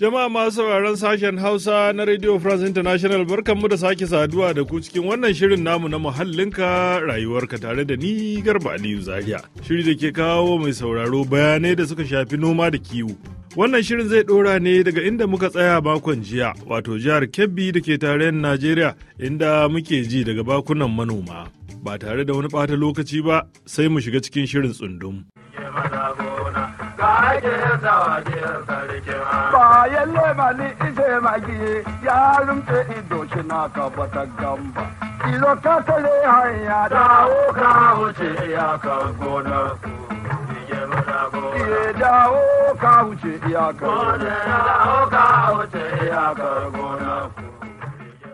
Jama'a masu sauraron sashen Hausa na Radio France International barkanmu da sake saduwa da ku cikin wannan shirin namu na muhallinka rayuwarka tare da ni Garba Aliyu Zariya Shiri da ke kawo mai sauraro bayanai da suka shafi noma da kiwo. Wannan shirin zai ɗora ne daga inda muka tsaya bakon jiya, wato jihar Kebbi da ke tarayyar Najeriya inda muke ji daga bakunan manoma. Ba tare da wani ɓata lokaci ba sai mu shiga cikin shirin tsundum. bayan lemani ise magi ya rumfe ido shi na kabata gamba ilo ka tare hanya dawo ka wuce iyakar gonar Iye dawo ka wuce iyakar gonar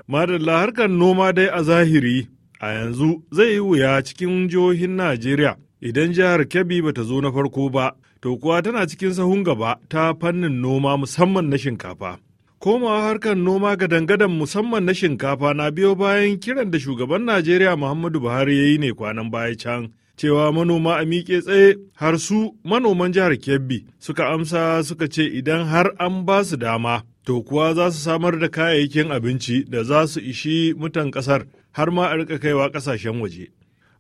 Madalla harkar noma dai a zahiri a yanzu zai yi wuya cikin jihohin Najeriya idan jihar Kebbi bata zo na farko ba to kuwa tana cikin sahun gaba ta fannin noma musamman na shinkafa. Komawa harkar noma ga dangadan musamman na shinkafa na biyo bayan kiran da shugaban Najeriya Muhammadu Buhari ya yi ne kwanan baya can. cewa manoma a miƙe tsaye har su manoman jihar Kebbi suka amsa suka ce idan har an ba su dama to kuwa za su samar da kayayyakin abinci da za su ishi mutan ƙasar har ma a rika kaiwa ƙasashen waje.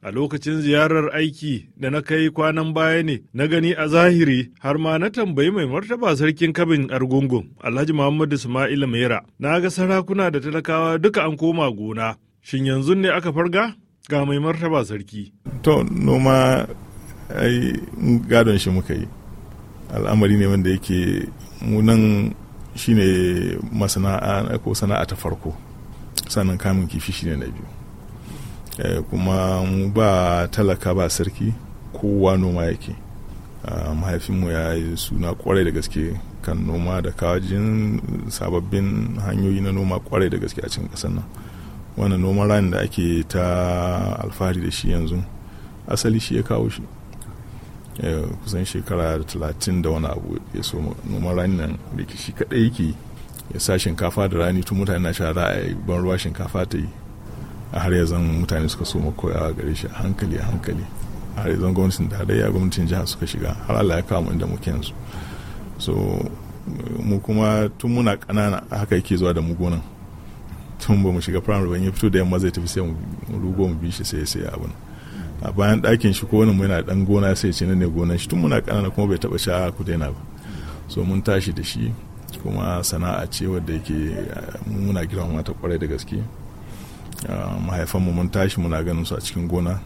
a lokacin ziyarar aiki da na kai kwanan baya ne na gani a zahiri har ma na tambayi mai martaba sarkin kabin argungun alhaji muhammadu ismail mera na ga sarakuna da talakawa duka an koma gona shin yanzu ne aka farga ga mai martaba sarki to noma ai gadon shi muka yi al'amari ne wanda yake munan shine masana'a ko sana'a ta farko sannan kamun kifi shine na biyu Eh, kuma mu ba talaka ba sarki kowa noma yake ah, mahaifinmu ya yi suna kwarai da gaske kan noma da kawajin sababbin hanyoyi na noma kwarai da gaske a cikin ƙasar nan wannan noman rani da ake ta alfahari da shi yanzu asali shi ya kawo shi eh, kusan shekara talatin da wani abu ya so noman rani nan da shi kaɗai yake ya sa shinkafa da rani tun mutane na shara a ban ruwa shinkafa ta yi har ya zan mutane suka so koyawa gare shi a hankali a hankali har ya gwamnatin da hadayya gwamnatin jiha suka shiga har Allah ya kawo mu inda muke yanzu so mu kuma tun muna ƙanana haka yake zuwa da mu gonan tun ba mu shiga primary ban ya fito da yamma zai tafi sai mu rugo mu bi shi sai sai abin a bayan ɗakin shi ko wani mu yana dan gona sai ce ne gonan shi tun muna ƙanana kuma bai taɓa sha ah, ku daina ba so mun tashi da shi kuma sana'a ce wadda yake eh, muna girma mata kwarai da gaske Ah, mahaifanmu mun tashi muna ganin su a cikin gona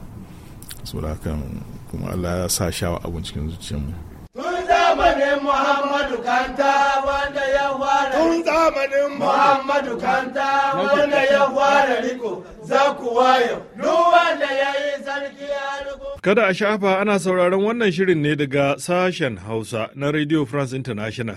saboda hakan kuma allah ya sa shawa abun cikin zuciyarmu tun zamanin muhammadu kanta wanda ya fara tun zamanin muhammadu kanta wanda ya fara riko za ku wayo duk wanda ya yi sarki ya riko kada a shafa ana sauraron wannan shirin ne daga sashen hausa na radio france international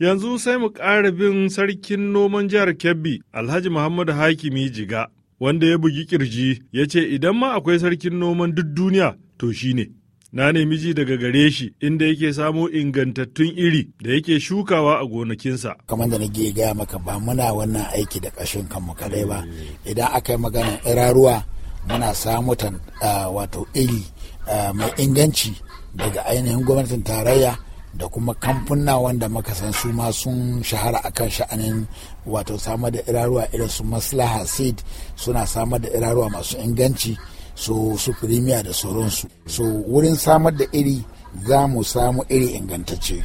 Yanzu sai mu ƙara bin sarkin noman jihar Kebbi, Alhaji Muhammadu Hakimi Jiga, wanda ya bugi kirji ya ce idan ma akwai sarkin noman duk duniya to shi ne. Na nemi ji daga gare shi inda yake samo ingantattun iri da yake shukawa a gonakinsa. Kamar da nake gaya maka ba muna wannan aiki da ƙashin kanmu kadai ba. Idan aka yi maganar iraruwa muna samutan ah, wato iri ah, mai inganci daga ainihin gwamnatin tarayya. da kuma kamfuna wanda muka san su ma sun shahara akan sha'anin wato samar da iraruwa irin su maslaha seed suna samar da iraruwa masu inganci so su firimiya da sauransu so wurin samar da iri za mu samu iri ingantacce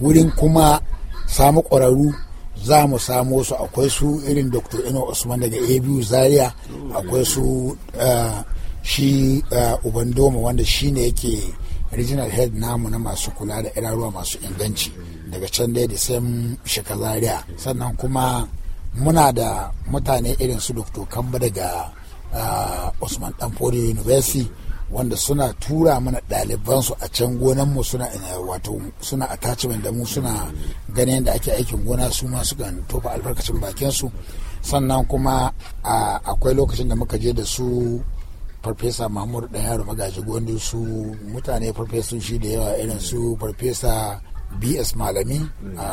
wurin kuma samu ƙwararru za mu samu wasu akwai su irin dr ino usman daga abu zaria akwai su eh, shi eh, ubandoma wanda shi ne yake regional head namu na masu kula da ruwa masu inganci daga can dai da sam shekalariya sannan kuma muna da mutane irin su dr kamba daga ah, usman danfodi university wanda suna tura mana ɗalibansu a can mu suna eh, wato suna attachment da mu suna ganin da ake aikin gona su ma kan tofa albarkacin su sannan kuma ah, akwai lokacin da muka je da su farfesa mahmud dan yaro magaji gondi su mutane farfesoshi da yawa irin su farfesa bs malami a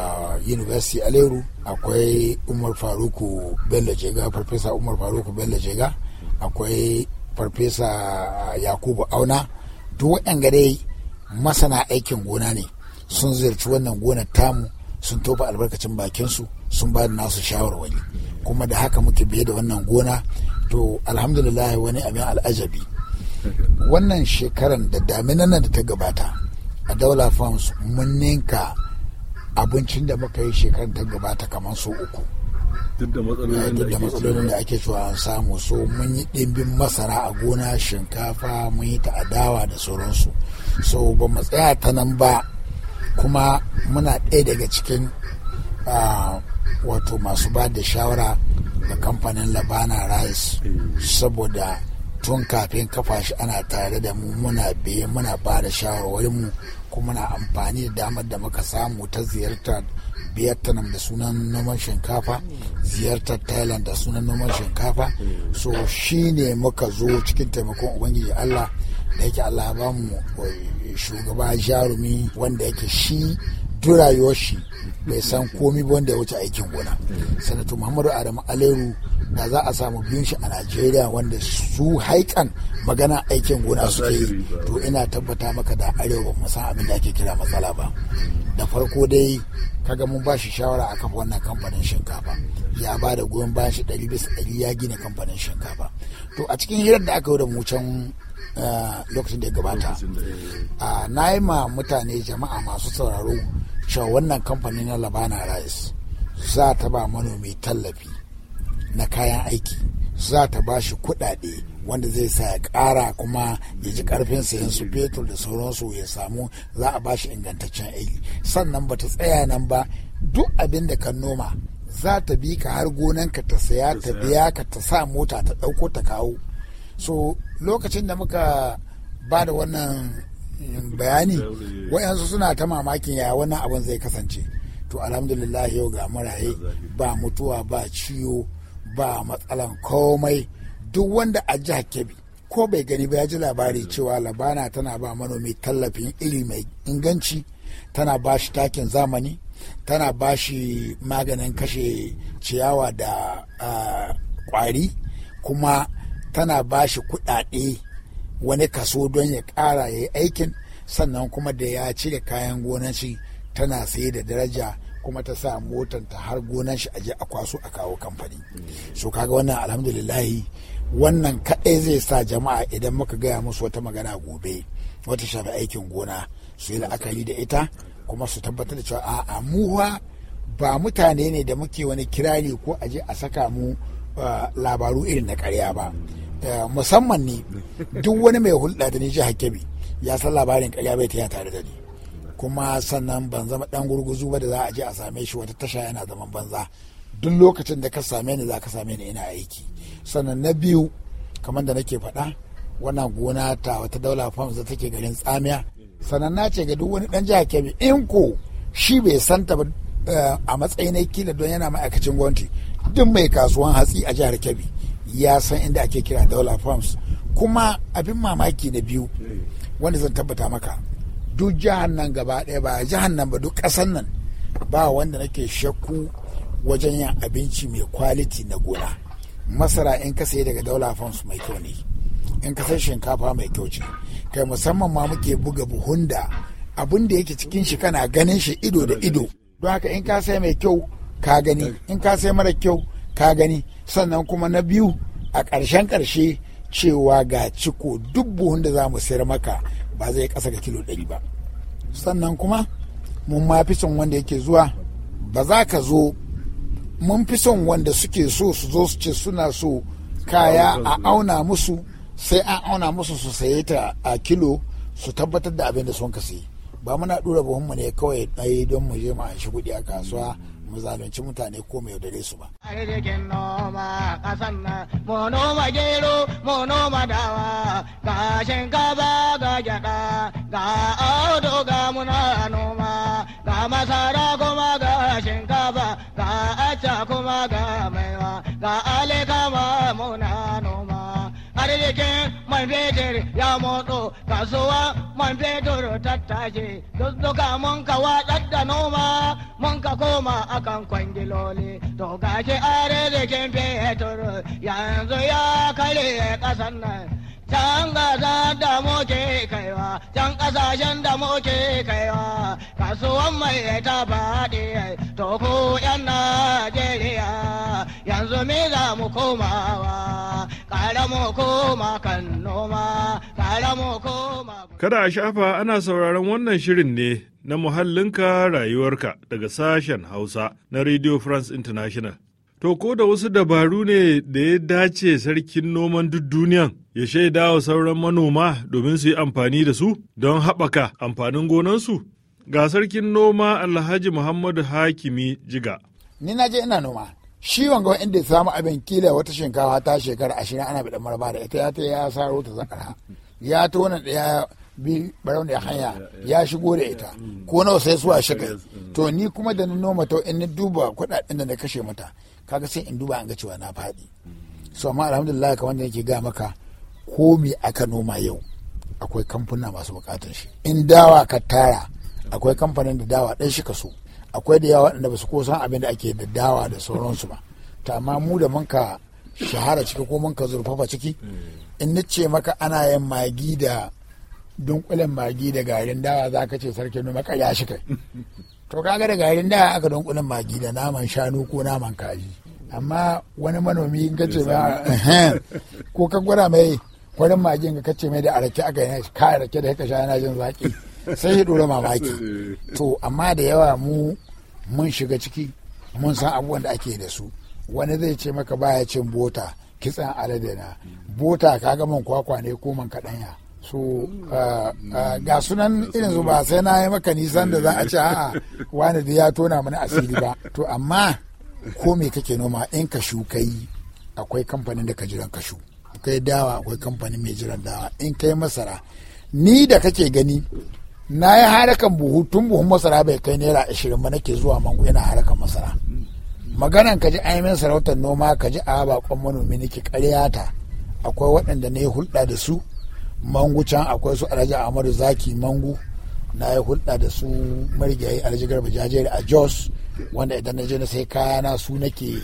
university aleru akwai umar faruku bello jega farfesa umar faruku bello jega akwai farfesa yakubu auna duk wa'yan dai masana aikin gona ne sun ziyarci wannan gona tamu sun tofa albarkacin bakinsu sun ba da nasu shawarwari kuma da haka muke biye da wannan gona to alhamdulillah wani abin al'ajabi wannan shekaran da daminan da ta gabata a daula farms mun ninka abincin da muka yi shekaran ta gabata kamar su uku duk da eh, matsalolin da ake cewa an samu so mun yi ɗimbin masara a gona shinkafa mun yi ta adawa da sauransu so ba mu tsaya ta nan ba kuma muna ɗaya daga cikin ah, wato masu ba da shawara da kamfanin labana rice saboda tun kafin kafa shi ana tare da mu muna biye muna ba da mu kuma na amfani da damar da muka samu ta ziyartar vietnam da sunan noman shinkafa ziyartar thailand da sunan noman shinkafa so shi ne muka zo cikin taimakon ubangiji allah da yake allah ba mu eh, shugaba jarumi wanda yake shi duk rayuwar shi bai san komi ba wanda ya wuce aikin gona sanatu muhammadu adamu aleru da za a samu biyun shi a najeriya wanda su haikan magana aikin gona suke yi to ina tabbata maka da arewa ba san abin da ake kira matsala ba da farko dai kaga mun ba shi shawara a kafa wannan kamfanin shinkafa ya ba da goyon bayan shi ɗari bisa ɗari ya gina kamfanin shinkafa to a cikin hirar da aka yi da mu can lokacin da ya gabata na yi ma mutane jama'a masu sauraro cewa wannan kamfani na labana rice za ta ba manomi tallafi na kayan aiki za ta ba shi kuɗaɗe wanda zai sa ya ƙara kuma ya ji karfin sayan su fetur da sauransu ya samu za a ba shi ingantaccen aiki sannan ba ta tsaya nan ba duk abin da kan noma za ta bi ka har gonanka ta saya ta biya ka ta sa mota ta ɗauko ta kawo so lokacin da muka ba da wannan bayani wayansu suna ta mamakin ya wannan abin zai kasance to alhamdulillah yau ga maraye ba mutuwa ba ciwo ba matsalan komai duk wanda a jihar kebbi ko bai gani ba ya ji labari cewa labana tana ba manomi tallafin iri mai inganci tana ba shi takin zamani tana ba shi maganin kashe ciyawa da ah, kwari kuma tana ba shi kuɗaɗe wani kaso don ya ƙara ya yi aikin sannan kuma da ya cire kayan gonan shi tana sai da daraja kuma ta sa motar ta har gonan shi aje a kwaso a kawo kamfani so kaga wannan alhamdulillahi wannan kaɗai zai sa jama'a idan muka gaya musu wata magana gobe wata shafi aikin gona su yi la'akari da ita kuma su tabbatar da cewa a'a muwa ba mutane ne da muke wani kirari ko aje a saka mu ah, labaru irin na karya ba Eh, musamman ne duk wani mai hulɗa da ni jihar kebbi ya san labarin ƙarya bai ta tare da ni kuma sannan ban zama ɗan gurguzu ba da za a je a same shi wata tasha yana zaman banza duk lokacin da ka same ni za ka same ni ina aiki sannan na biyu kamar da nake faɗa wannan gona ta wata daula farms da take garin tsamiya sannan na ce ga duk wani ɗan jihar kebe in ko shi bai santa ba eh, a matsayin aiki da don yana ma'aikacin gwamnati duk mai kasuwan hatsi a jihar kebbi ya san inda ake kira dollar farms kuma abin mamaki na biyu wanda zan tabbata maka duk jihar nan gaba ɗaya ba jihar nan ba duk ƙasar nan ba wanda nake shakku wajen yin abinci mai kwaliti na gona masara in ka sayi daga daula farms mai kyau ne in ka sai shinkafa mai kyau ce kai musamman ma muke buga buhun da abin da yake cikin shi kana ganin shi ido da ido don haka in ka sai mai kyau ka gani in ka sai mara kyau ka gani sannan kuma na biyu a ƙarshen ƙarshe cewa ga ciko duk buhun da za mu sayar maka ba zai ƙasa ga kilo ɗari ba sannan kuma mun ma fi son wanda yake zuwa ba za ka zo mun fi son wanda suke so su zo su ce suna so kaya a auna musu sai an auna musu su saye ta a kilo su tabbatar da abin da sun ka sayi ba muna dura mu ne kawai ɗaya don mu je mu shi kuɗi a kasuwa mu zalunci mutane ko mu yaudare su ba. Arzikin noma ƙasan nan mu noma gero mu noma dawa ga shinkafa ga gyaɗa ga auto ga muna noma ga masara kuma ga shinkafa ga acca kuma ga maiwa ga alikama muna jirgin man fetur ya motso kasuwa man fetur tattaje duzzuka mun ka watsar da noma mun ka koma akan kwangiloli to gashi arzikin fetur yanzu ya kare kasan nan can gasa da muke kaiwa can kasashen da muke kaiwa kasuwan mai ta faɗi to ku yan najeriya yanzu me za mu komawa kare mu koma kan noma kare mu koma. Kada a shafa ana sauraron wannan shirin ne na muhallinka rayuwarka daga sashen Hausa na Radio France International. To ko da wasu dabaru ne da ya dace sarkin noman duk duniyan ya shaida wa sauran manoma domin su yi amfani da su don haɓaka amfanin gonansu? Ga sarkin noma Alhaji Muhammadu Hakimi Jiga. Ni na je ina noma, shi wanga inda ya samu abin kila wata shinkafa ta shekara ashirin ana bidan maraba da ita ya ta ya saro ta zakara ya tona da ya bi barau da hanya ya shigo da ita ko nawa sai suwa shiga to ni kuma da na noma ta in duba kuɗaɗen da na kashe mata kaga sai in duba an ga cewa na faɗi so amma alhamdulillah kamar da yake ga maka ko me aka noma yau akwai kamfuna masu bukatar shi in dawa ka tara akwai kamfanin da dawa ɗan shi ka so akwai da yawa waɗanda ba su kosan san abin da ake da dawa da sauransu ba ta amma mu da mun ka shahara ciki ko mun ka zurfafa ciki in ce maka ana yin magi da dunkulen magi da garin dawa za ka ce sarki noma ya shi kai to kaga da garin dawa aka dunkulen magi da naman shanu ko naman kaji amma wani manomi in ka ce ma ko ka gwada mai kwarin magin ka ce mai da arake aka yi ka arake da haka sha yana jin zaki sai ya dora mamaki eh. to amma da yawa mu mun shiga ciki mun san abubuwan da ake da su wani zai ce maka baya cin bota kitsan alade na bota kaga man kwakwa ne ko man kaɗanya so mm. ah, ah, ga sunan irin su ba sai na yi maka nisan da za a ce a'a wani da ya tona mana asiri ba to amma ko me kake noma in ka yi akwai kamfanin da ka jiran kashu kai dawa akwai kamfanin mai jiran dawa in kai masara ni da kake gani na yi harakan buhu tun buhun masara bai kai naira ashirin ba nake zuwa mangu yana harakan masara maganan kaji ainihin sarautar noma kaji a bakon manomi nake karyata akwai waɗanda na yi hulɗa da su mangu can akwai su alhaji Amadu zaki mangu na yi hulɗa da su marigayi alhaji garba jajiyar a jos wanda idan na je na sai kayana su nake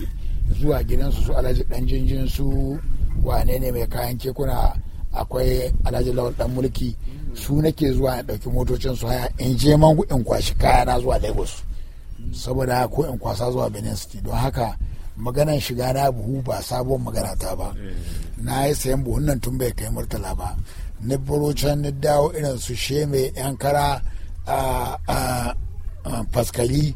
zuwa gidansu su alhaji dan jinjin su wane ne mai kayan kekuna akwai alhaji lawal dan mulki su nake zuwa a ɗauki motocin su haya in je man in kwashi kayana zuwa lagos saboda ko in kwasa zuwa benin city don haka maganar shiga na buhu ba sabon magana ta ba eh. na yi sayan buhun nan tun bai kai murtala ba ni burocan ni dawo irin su kara yankara faskali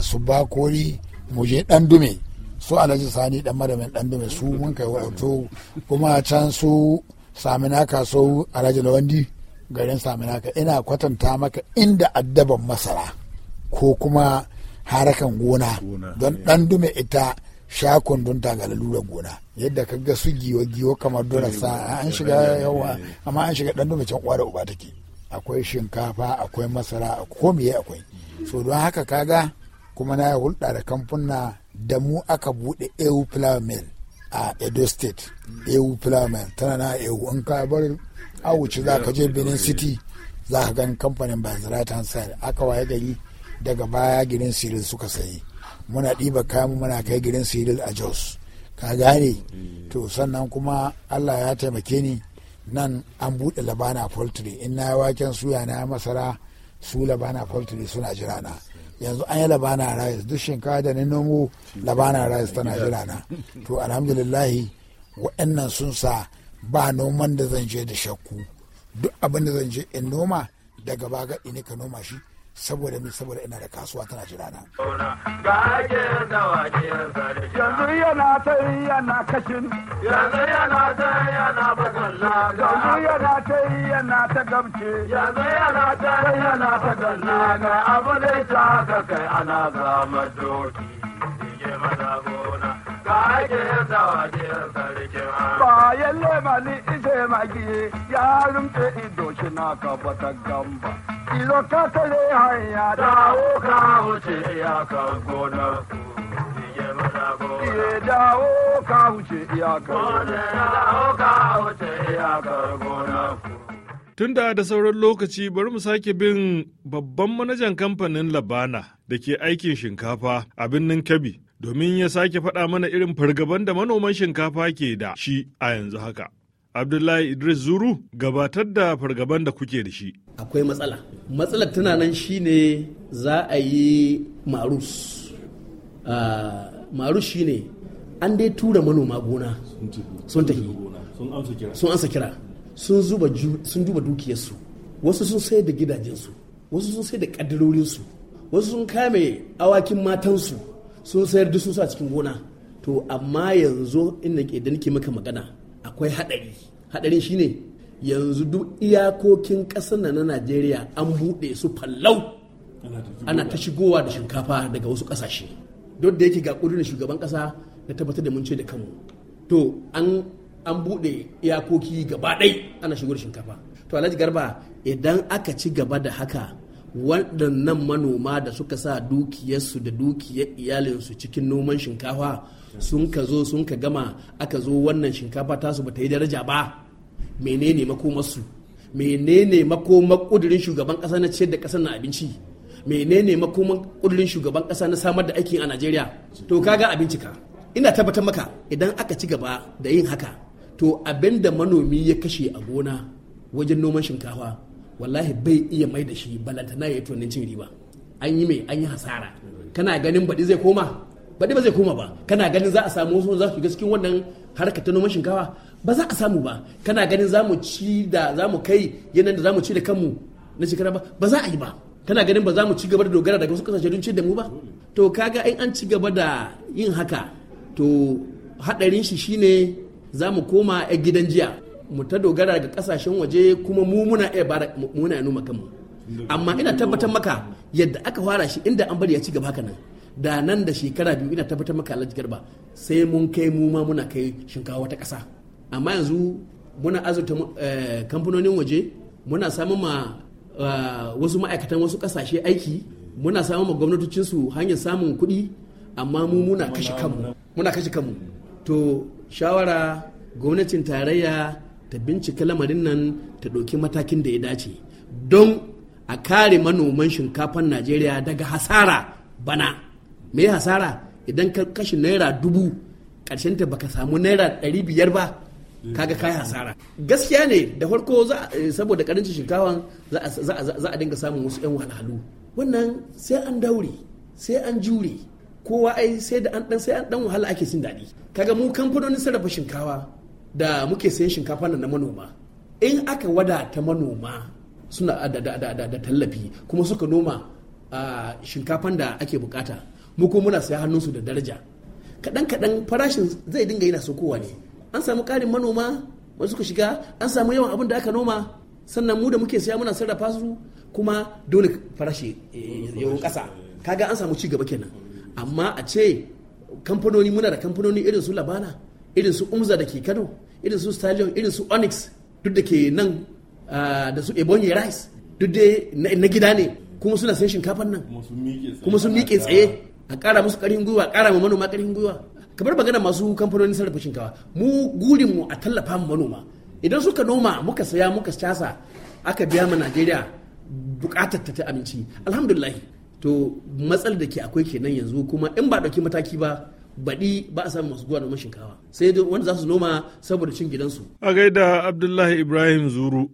su bakori mu je dan dume su alhaji sani dan madamin dan dume su mun kai wato kuma can su saminaka so alhaji lawandi garin saminaka ina kwatanta maka inda addaban masara ko kuma harakan gona don dan eh. dume ita shakon don ta da gona yadda ka ga su giwa giwa kamar dole eh, sa eh, an shiga yawa amma an shiga dan dume can kwara uba take akwai shinkafa akwai masara ko miye akwai so don haka kaga kuma na hulɗa da kamfuna da mu aka buɗe eu flour mill a edo state ewu filamen tana na ewu in ka bar awuci za ka je benin city za ka gani kamfanin ta hansar aka waye gari daga baya gidan siril suka sayi muna ɗiba kayan muna kai gidan siril a jos ka gane to sannan kuma allah ya taimake ni nan an buɗe labana poultry in na yi waken suya na masara su labana poultry suna jirana yanzu an yi labana rice duk shinkawa da ni nomo labana rice tana jira na to alhamdulillahi waɗannan sun sa ba noman da zan je da shakku duk abin da zan je in noma daga baga ini ka noma shi saboda min saboda ina da kasuwa tana jira na yanzu yana ta yana kashin yanzu yana ta yana bagalla yanzu yana ta yana ta gamce yanzu yana ta yana ta ganna ga abu da ta kai ana ga doki bayan lemani ise magi ya rumfe ido shi na ka bata gamba izo ka tare hanya dawo ka wuce iyakar gonar Iye dawo ka wuce iyakar gonar Tun da da sauran lokaci bari mu sake bin babban manajan kamfanin Labana da ke aikin shinkafa a birnin Kebbi domin ya sake faɗa mana irin fargaban da manoman shinkafa ke da shi a yanzu haka. Abdullahi Idris Zuru gabatar da fargaban da kuke da shi. Akwai matsala. Matsalar tana nan shine za a yi marus. Uh, marus shine an dai tura manoma gona sun tafi sun ansa kira sun zuba sun duba dukiyarsu wasu sun sai da gidajensu wasu sun sai da kadarorinsu wasu sun kame awakin matansu sun sayar duk sun sa cikin gona to amma yanzu inda ke da nake maka magana akwai hadari hadarin shine yanzu duk iyakokin ƙasa na Najeriya an buɗe su fallau ana ta shigowa da shinkafa daga wasu kasashe duk da yake ga ƙudurin shugaban ƙasa da tabbatar da mun ce da kanmu to an an buɗe iyakoki gaba ɗai ana shigo da shinkafa to alhaji garba idan aka ci gaba da haka waɗannan manoma da suka sa dukiyarsu da dukiyar iyalinsu cikin noman shinkafa sun ka zo sun ka gama aka zo wannan shinkafa tasu ba ta yi daraja ba menene makomarsu menene makomar ƙudurin shugaban ƙasa na ciyar da ƙasar na abinci menene makomar ƙudurin shugaban ƙasa na samar da aikin a najeriya to kaga abinci ka ina tabbatar maka idan aka ci gaba da yin haka to abinda manomi ya kashe a gona wajen noman shinkafa wallahi bai iya mai da shi balantana ya yi tunanin cin riba an yi mai an yi hasara kana ganin baɗi zai koma baɗi ba zai koma ba kana ganin za a samu wasu za su shiga cikin wannan harkar ta noman shinkafa ba za a samu ba kana ganin za mu ci da za mu kai yanayin da za mu ci da kanmu na shekara ba ba za a yi ba kana ganin ba za mu ci gaba da dogara daga wasu kasashe don ci da mu ba to kaga in an ci gaba da yin haka to haɗarin shi shine za mu koma 'yan gidan jiya mu ta dogara ga kasashen waje kuma mu muna iya bara muna iya kanmu amma ina tabbatar maka yadda aka fara shi inda an bari ya ci gaba haka da nan da shekara biyu ina tabbatar maka alhaji garba sai mun kai mu ma muna kai shinkawa ta ƙasa amma yanzu muna azurta eh, kamfanonin waje muna samun ma eh, wasu ma'aikatan wasu ƙasashe aiki muna samun ma gwamnatocinsu hanyar samun kuɗi amma mu muna kashe kanmu muna kashe kanmu to shawara gwamnatin tarayya ta bincika lamarin nan ta ɗauki matakin da ya dace don a kare manoman shinkafan najeriya daga hasara bana me hasara idan ka kashe naira dubu ƙarshen ta baka samu naira ɗari biyar ba kaga kai hasara gaskiya ne da farko eh, saboda ƙarancin shinkawan za a dinga samun wasu 'yan wahalhalu wannan sai an daure sai an jure kowa ai sai da an dan sai an dan wahala ake sin daɗi kaga mu kamfanonin sarrafa shinkawa da muke sayan shinkafa na manoma in aka wadata manoma suna da, tallafi kuma suka noma shinkafan da ake bukata mu kuma muna saya hannunsu da daraja kaɗan kaɗan farashin zai dinga yana kowa ne an samu karin manoma wasu suka shiga an samu yawan abin da aka noma sannan mu da muke saya muna sarrafa su kuma dole farashi eh, yawan ƙasa kaga an samu ci gaba kenan amma a ce kamfanoni muna da kamfanoni irin su labana irin su umza da ke kano irin su stallion irin su onyx duk da ke nan ah, da su ebonyi rice duk dai na gida ne kuma suna sayan shinkafan nan kuma sun miƙe tsaye a ƙara musu ƙarfin gwiwa a ƙara ma manoma ƙarfin gwiwa kamar magana masu kamfanonin sarrafa shinkafa mu gurin mu a tallafa mu manoma idan suka noma muka saya muka casa aka biya ma najeriya buƙatar ta ta aminci alhamdulillah to matsalar da ke akwai kenan yanzu kuma in ba ɗauki mataki ba baɗi ba a samu masu zuwa noman shinkawa sai dai wanda za su noma saboda cin gidansu. a gaida abdullahi ibrahim zuru.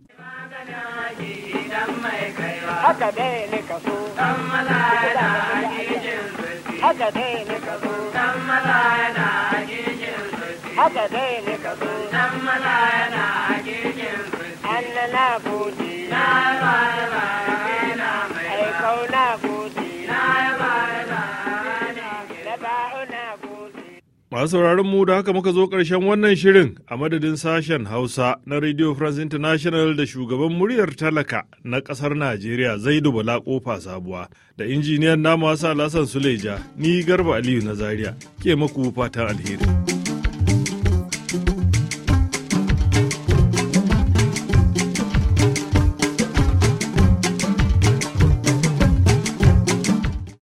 haka dai ne ka so dan maza na gijin zurfi haka dai ne ka so dan maza na gijin zurfi haka dai ne ka so dan maza Masu sauraron mu da haka muka zo ƙarshen wannan shirin a madadin sashen Hausa na Radio France International da shugaban muryar talaka na ƙasar Najeriya zai duba Kofa Sabuwa da injiniyan namu Hassan Lasan Suleja ni Garba Aliyu na Zaria ke maku fatan alheri.